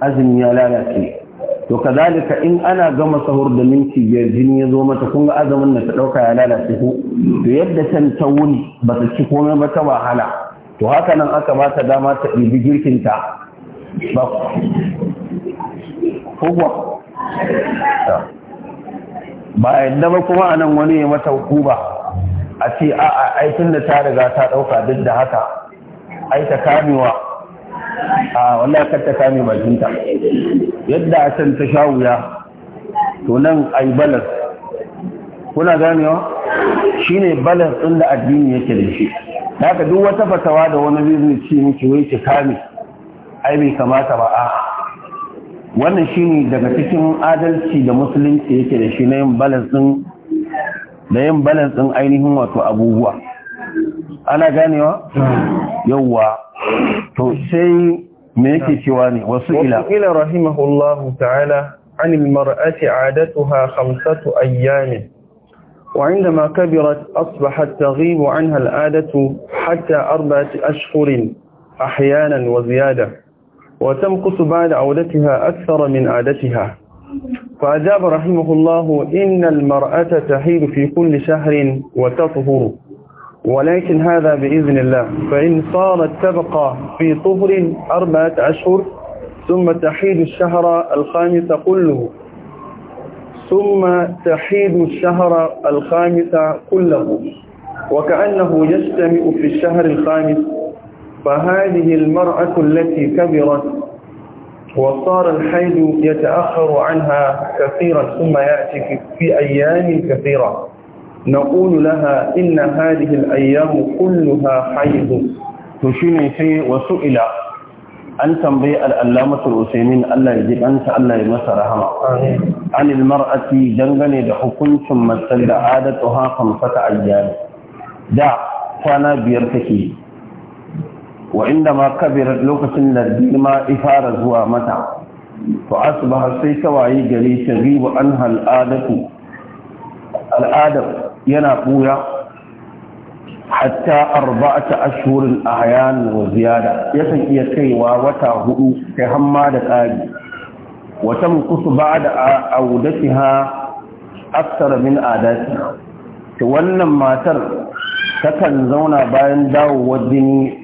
azumi ya lalace to kazalika in ana gama sahur da minti biyar jini ya zo mata kun ga azumin da ta dauka ya lalace ko to yadda can ta wuni ba ta ci komai ba ta wahala to haka nan aka ba ta dama ta ɗibi girkinta ba kuwa ba yadda ba kuma anan wani ya mata hukuba a ce a'a aikin da ta riga ta ɗauka duk da haka ai ta kamewa a wallahi kar ta kame bakinta yadda a can ta sha wuya to nan ai balas kuna ganewa shine balas din da addini yake da shi haka duk wata fatawa da wani zai ci miki wai ki kame ai bai kamata ba a wannan shine daga cikin adalci da musulunci yake da shi na yin balas din da yin balas ɗin ainihin wato abubuwa انا جاني yawwa to sai me yake cewa ne wasu ila wasu ila rahimahullahu ta'ala عن المرأة عادتها خمسة أيام وعندما كبرت أصبحت تغيب عنها العادة حتى أربعة أشهر أحيانا وزيادة وتمقص بعد عودتها أكثر من عادتها فأجاب رحمه الله إن المرأة تحيد في كل شهر وتطهر ولكن هذا بإذن الله فإن صارت تبقى في طهر أربعة أشهر ثم تحيد الشهر الخامس كله ثم تحيد الشهر الخامس كله وكأنه يجتمع في الشهر الخامس فهذه المرأة التي كبرت وصار الحيض يتأخر عنها كثيرا ثم يأتي في أيام كثيرة نقول لها إن هذه الأيام كلها حيض تشيني في وسئل أن تنبي الألامة الأسيمين ألا يجب أنت ألا يمس رحمة عن المرأة جنغني لحكم ثم تلد عادتها خمسة أيام دع فانا بيرتكي وعندما كبرت لوكس للديما إفارة زوا متى فأصبح سيكواي جري تغيب عنها الآدة الآدم yana ɓuya hatta arba'ata a ahyan wa ziyada yakan iya kaiwa wata hudu kai hamma da tsari ba da ba'da ha akthar min adatiha Ta wannan matar takan zauna bayan dawowa jini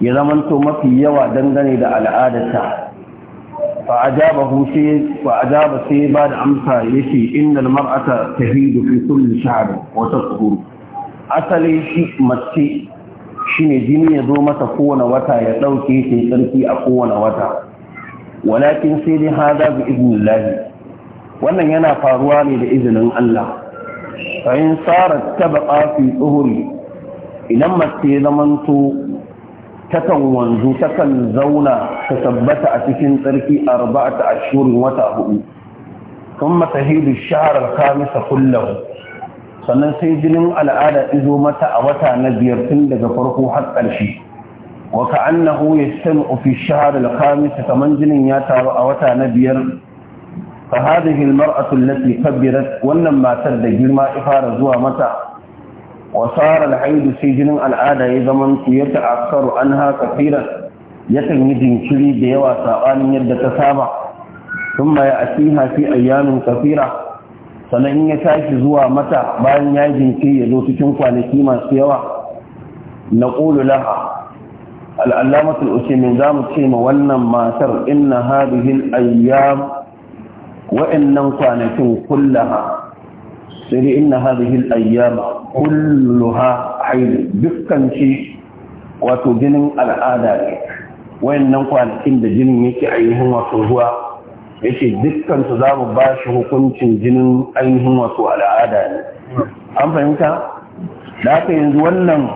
ya zamanto mafi yawa dangane da al'adarta فأجابه شيء وأجاب شيء بعد أمسى يشي إن المرأة تهيد في كل شعر وتطهر أصلي شيء متي شين جني يدوم تكون وتا يدوكي في تركي أكون وتا ولكن سيدي هذا بإذن الله wannan yana faruwa ne da izinin Allah fa'in sarar tabaqa fi tsuhuri idan mace zamanto takan wanzu takan zauna ta tabbata a cikin tsarki a ashhurin wata hudu kuma tahidu shaharar kamisa kullum. sannan sai jinin al'ada izo mata a wata na biyar tun daga farko har ƙarshe wa annahu ya san shahar shaharar kamisa kamar jinin ya taru a wata na biyar fa hadhihi al-mar'atu allati wannan matar da girma fara zuwa mata wa sara al sai jinin al'ada ya zaman ya ta'akkaru anha kafiran yakan yi jinkiri da yawa saɓanin yadda ta saba sun ma ya asiha fi ayyamin kafira sannan in ya tashi zuwa mata bayan ya jinkiri ya zo cikin kwanaki masu yawa na ƙulu laha al'allamatul usaimin za mu ce ma wannan matar inna hadihin ayyam wa'annan kwanakin kullaha sai inna hadhihi ayyam kulluha hayd dukkan ci wato jinin al'ada ne wayannan kwanakin da jinin yake ainihin wato zuwa yake dukkan su za mu ba shi hukuncin jinin ainihin wato al'ada ne an fahimta da haka yanzu wannan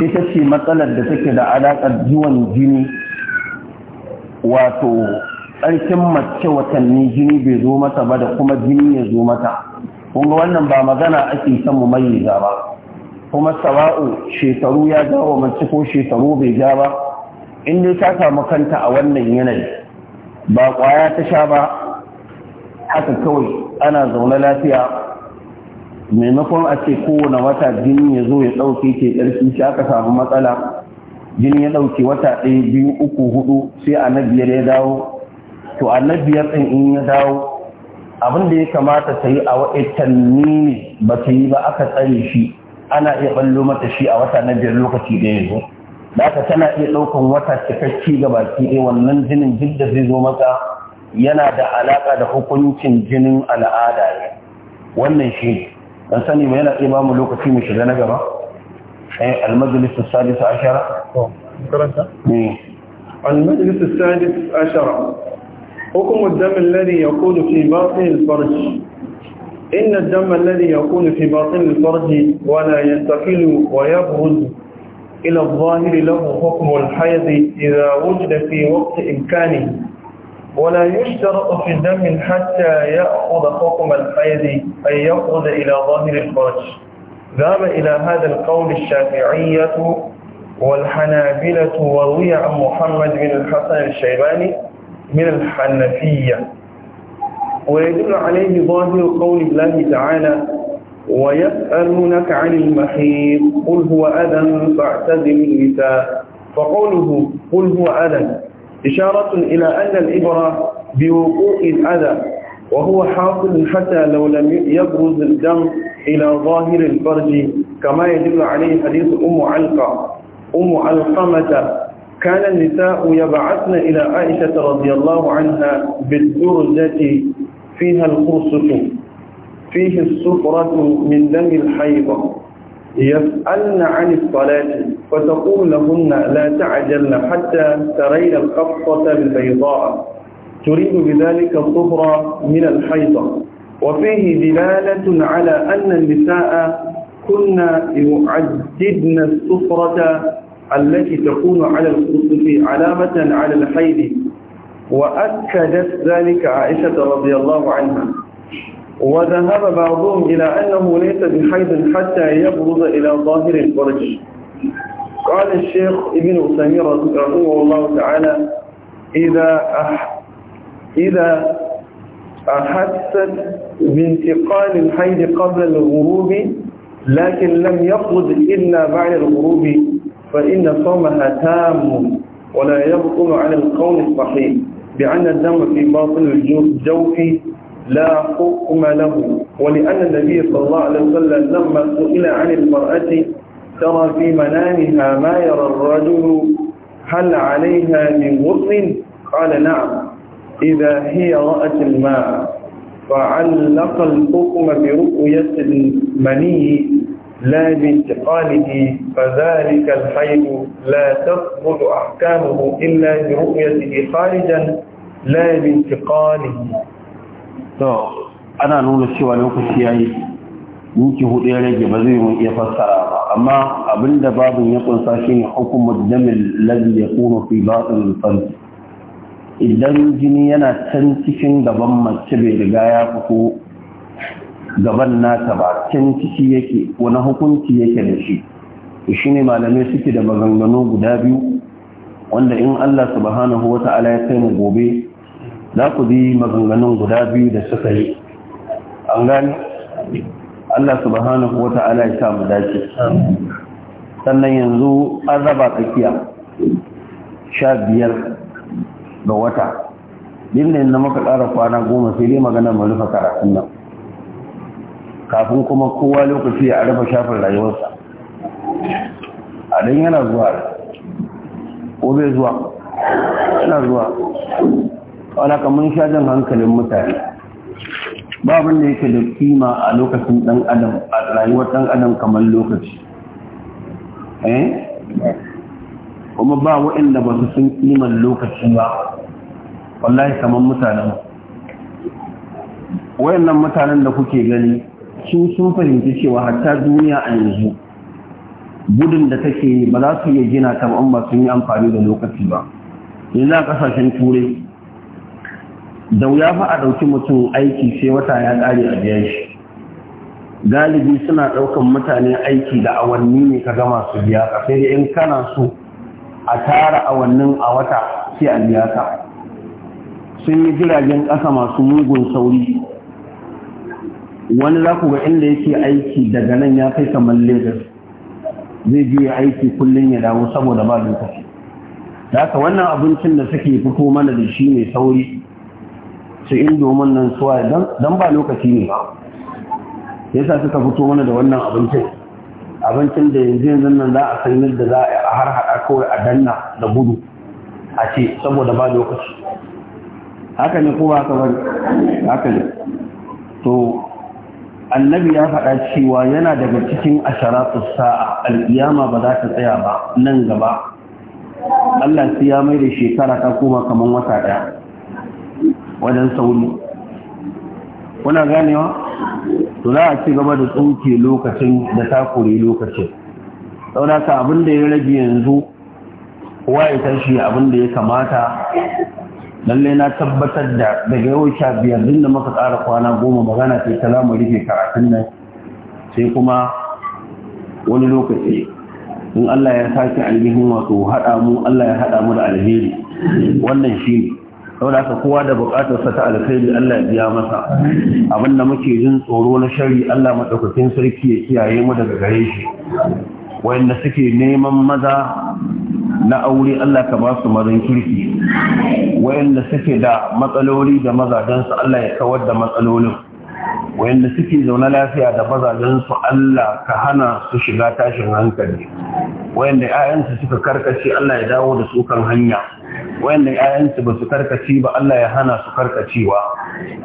ita ce matsalar da take da alaƙar jiwon jini wato tsarkin mace watanni jini bai zo mata ba da kuma jini ya zo mata kunga wannan ba magana ake son mu mai ba kuma sawa'u shekaru ya ja mace ko shekaru bai ja ba in dai ta samu kanta a wannan yanayi ba kwaya ta sha ba haka kawai ana zaune lafiya maimakon a ce kowane wata jini ya zo ya ɗauke ke ƙarfi shi aka samu matsala jini ya ɗauke wata ɗaya biyu uku hudu sai a na biyar ya dawo to a na biyar ɗin in ya dawo abin da ya kamata ta yi a wa'ita ne ba ta yi ba aka tsare shi ana iya ɓallo mata shi a wata na biyar lokaci da ya zo Daka tana iya ɗaukan wata cikakke ga baki ɗaya wannan jinin duk da zai zo maka yana da alaƙa da hukuncin jinin al'ada ne wannan shi ne. dan sani ba yana iya ba mu lokaci mu shiga na gaba eh al-majlis as-sadis ashara karanta eh al-majlis as-sadis ashara حكم الدم الذي يكون في باطن الفرج إن الدم الذي fi في باطن الفرج ولا يستقل ويبرز إلى الظاهر له حكم الحيض إذا وجد في وقت إمكانه ولا يشترط في الدم حتى يأخذ حكم الحيض أن يأخذ إلى ظاهر الفرج ذهب إلى هذا القول الشافعية والحنابلة وروي عن محمد بن الحسن الشيباني من الحنفية ويدل عليه ظاهر قول الله تعالى ويسألونك عن المحيط قل هو أذى فاعتزل النساء فقوله قل هو أذى إشارة إلى أن الإبرة بوقوع الأذى وهو حاصل حتى لو لم يبرز الدم إلى ظاهر الفرج كما يدل عليه حديث أم علقة أم علقمة كان النساء يبعثن إلى عائشة رضي الله عنها بالدرجة فيها القرصة فيه السفرة من دم الحيضة يسألن عن الصلاة فتقول لهن لا تعجلن حتى ترين القبطة البيضاء تريد بذلك الصفرة من الحيضة وفيه دلالة على أن النساء كنا يعددن السفرة التي تكون على الخصف علامة على الحيض وأكدت ذلك عائشة رضي الله عنها وذهب بعضهم إلى أنه ليس بحيض حتى يبرز إلى ظاهر الفرج قال الشيخ ابن سمير رحمه الله تعالى إذا أح إذا أحست بانتقال الحيض قبل الغروب لكن لم يخرج إلا بعد الغروب فإن صومها تام ولا يبطل عن القول الصحيح بأن الدم في باطن الجوف لا حكم له ولأن النبي صلى الله عليه وسلم لما سئل عن المرأة ترى في منامها ما يرى الرجل هل عليها من غصن قال نعم إذا هي رأت الماء فعلق الحكم برؤية المني لا بانتقاله فذلك الحيض لا تثبت أحكامه إلا برؤيته خارجا لا بانتقاله to ana nuna cewa lokaci ya yi hudu ya rage ba zai mun iya fassara ba amma abinda babin ya kunsa shi ne hukumar damin lalli ya kuma fi fanti idan jini yana can cikin gaban mace bai riga ya fito gaban nata ba can ciki yake wani hukunci yake da shi shi ne malamai suke da maganganu guda biyu wanda in Allah subhanahu wa ta'ala ya kai mu gobe za ku bi maganganun guda biyu da suka yi an gani Allah subhanahu wa ta'ala ya sa mu dace sannan yanzu an raba tsakiya sha biyar ga wata din da muka ƙara kwana goma sai dai magana mu rufe karatun nan kafin kuma kowa lokaci ya rufe shafin rayuwarsa a dan yana zuwa ko bai zuwa yana zuwa Wala mun sha jan hankalin mutane ba abin da yake da kima a lokacin dan adam a rayuwar dan adam kamar lokaci eh kuma ba waɗanda ba su sun kiman lokaci ba wallahi kamar mutanen wayannan mutanen da kuke gani su sun fahimci cewa hatta duniya a yanzu gudun da take ba za su iya gina ta ba ba sun yi amfani da lokaci ba yanzu a kasashen turai da wuya fa a ɗauki mutum aiki sai wata ya ƙare a biyan shi galibi suna ɗaukan mutane aiki da awanni ne ka gama su biya ka sai in kana so a tara awannin a wata sai a biya ka sun yi jiragen ƙasa masu mugun sauri wani za ku ga inda yake aiki daga nan ya kai kamar lagos zai biya aiki kullum ya dawo saboda ba lokaci da haka wannan abincin da suke fito mana da shi mai sauri su indomin nan suwa don ba lokaci ne ba. yasa suka fito mana da wannan abincin abincin da yanzu yanzu nan za a sanyar da za a har haɗa kawai a danna da gudu a ce saboda ba lokaci haka ne ko ba ka bari haka ne to annabi ya faɗa cewa yana daga cikin asharatu sa'a alƙiyama ba za ta tsaya ba nan gaba Allah sai ya mai da shekara ta koma kaman wata ɗaya wajen sauri kuna ganewa to za a ci gaba da tsoke lokacin da takure lokacin saurata abin da ya rage yanzu kowa ya tashi abin da ya kamata lalle na tabbatar da daga yau sha biyar din da muka tsara kwana goma magana sai ta zamu karatun nan sai kuma wani lokaci in Allah ya sake ainihin wato haɗa mu Allah ya haɗa mu da alheri wannan shi ne saboda haka kowa da sa ta alkhairi Allah ya biya masa Abin da muke jin tsoro na shari Allah madaukakin sarki ya kiyaye mu daga gare shi wayanda suke neman maza na aure Allah ka ba su mazan kirki wayanda suke da matsaloli da su, Allah ya kawar da matsalolin wayanda suke zaune lafiya da su, Allah ka hana su shiga tashin hankali wayanda 'ya'yansu suka karkace Allah ya dawo da su kan hanya wayannan ƴaƴansu ba su karkaci ba Allah ya hana su karkacewa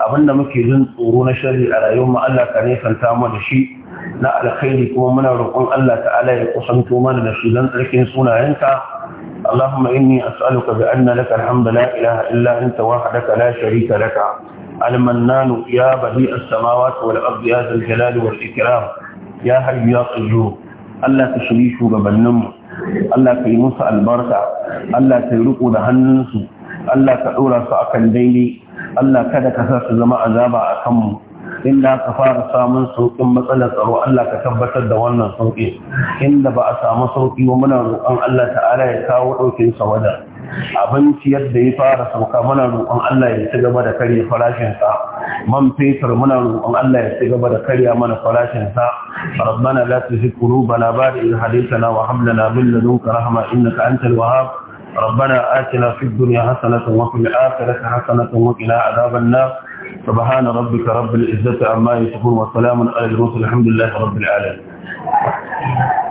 abinda muke jin tsoro na shari a rayuwar mu Allah ka nesanta mu da shi na alkhairi kuma muna roƙon Allah ta'ala ya kusanto mana da shi dan tsarkin sunayenka اللهم إني أسألك بأن لك الحمد لا إله إلا أنت وحدك لا شريك لك المنان يا بديع السماوات والأرض يا ذا الجلال والإكرام يا حي يا قيوم الله shugabannin mu. Allah ka yi musu albarka Allah ka yi riko da hannunsu Allah ka ɗora su a kan daidai Allah kada ka sa su zama azaba a kanmu inda ka fara samun sauƙin matsalar tsaro Allah ka tabbatar da wannan sauƙi inda ba a samu sauƙi ba muna roƙon Allah ta'ala ya kawo ɗaukin sa wada abinci yadda ya fara sauka muna roƙon Allah ya ci gaba da karya farashinsa man fetur muna roƙon Allah ya ci gaba da karya mana farashinsa rabbana la tuzigh qulubana ba'da idh hadaytana wa hab lana min ladunka rahma innaka antal wahhab ربنا آتنا في الدنيا حسنة وفي الآخرة حسنة وقنا عذاب النار سبحان ربك رب العزة عما يصفون وسلام على المرسلين الحمد لله رب العالمين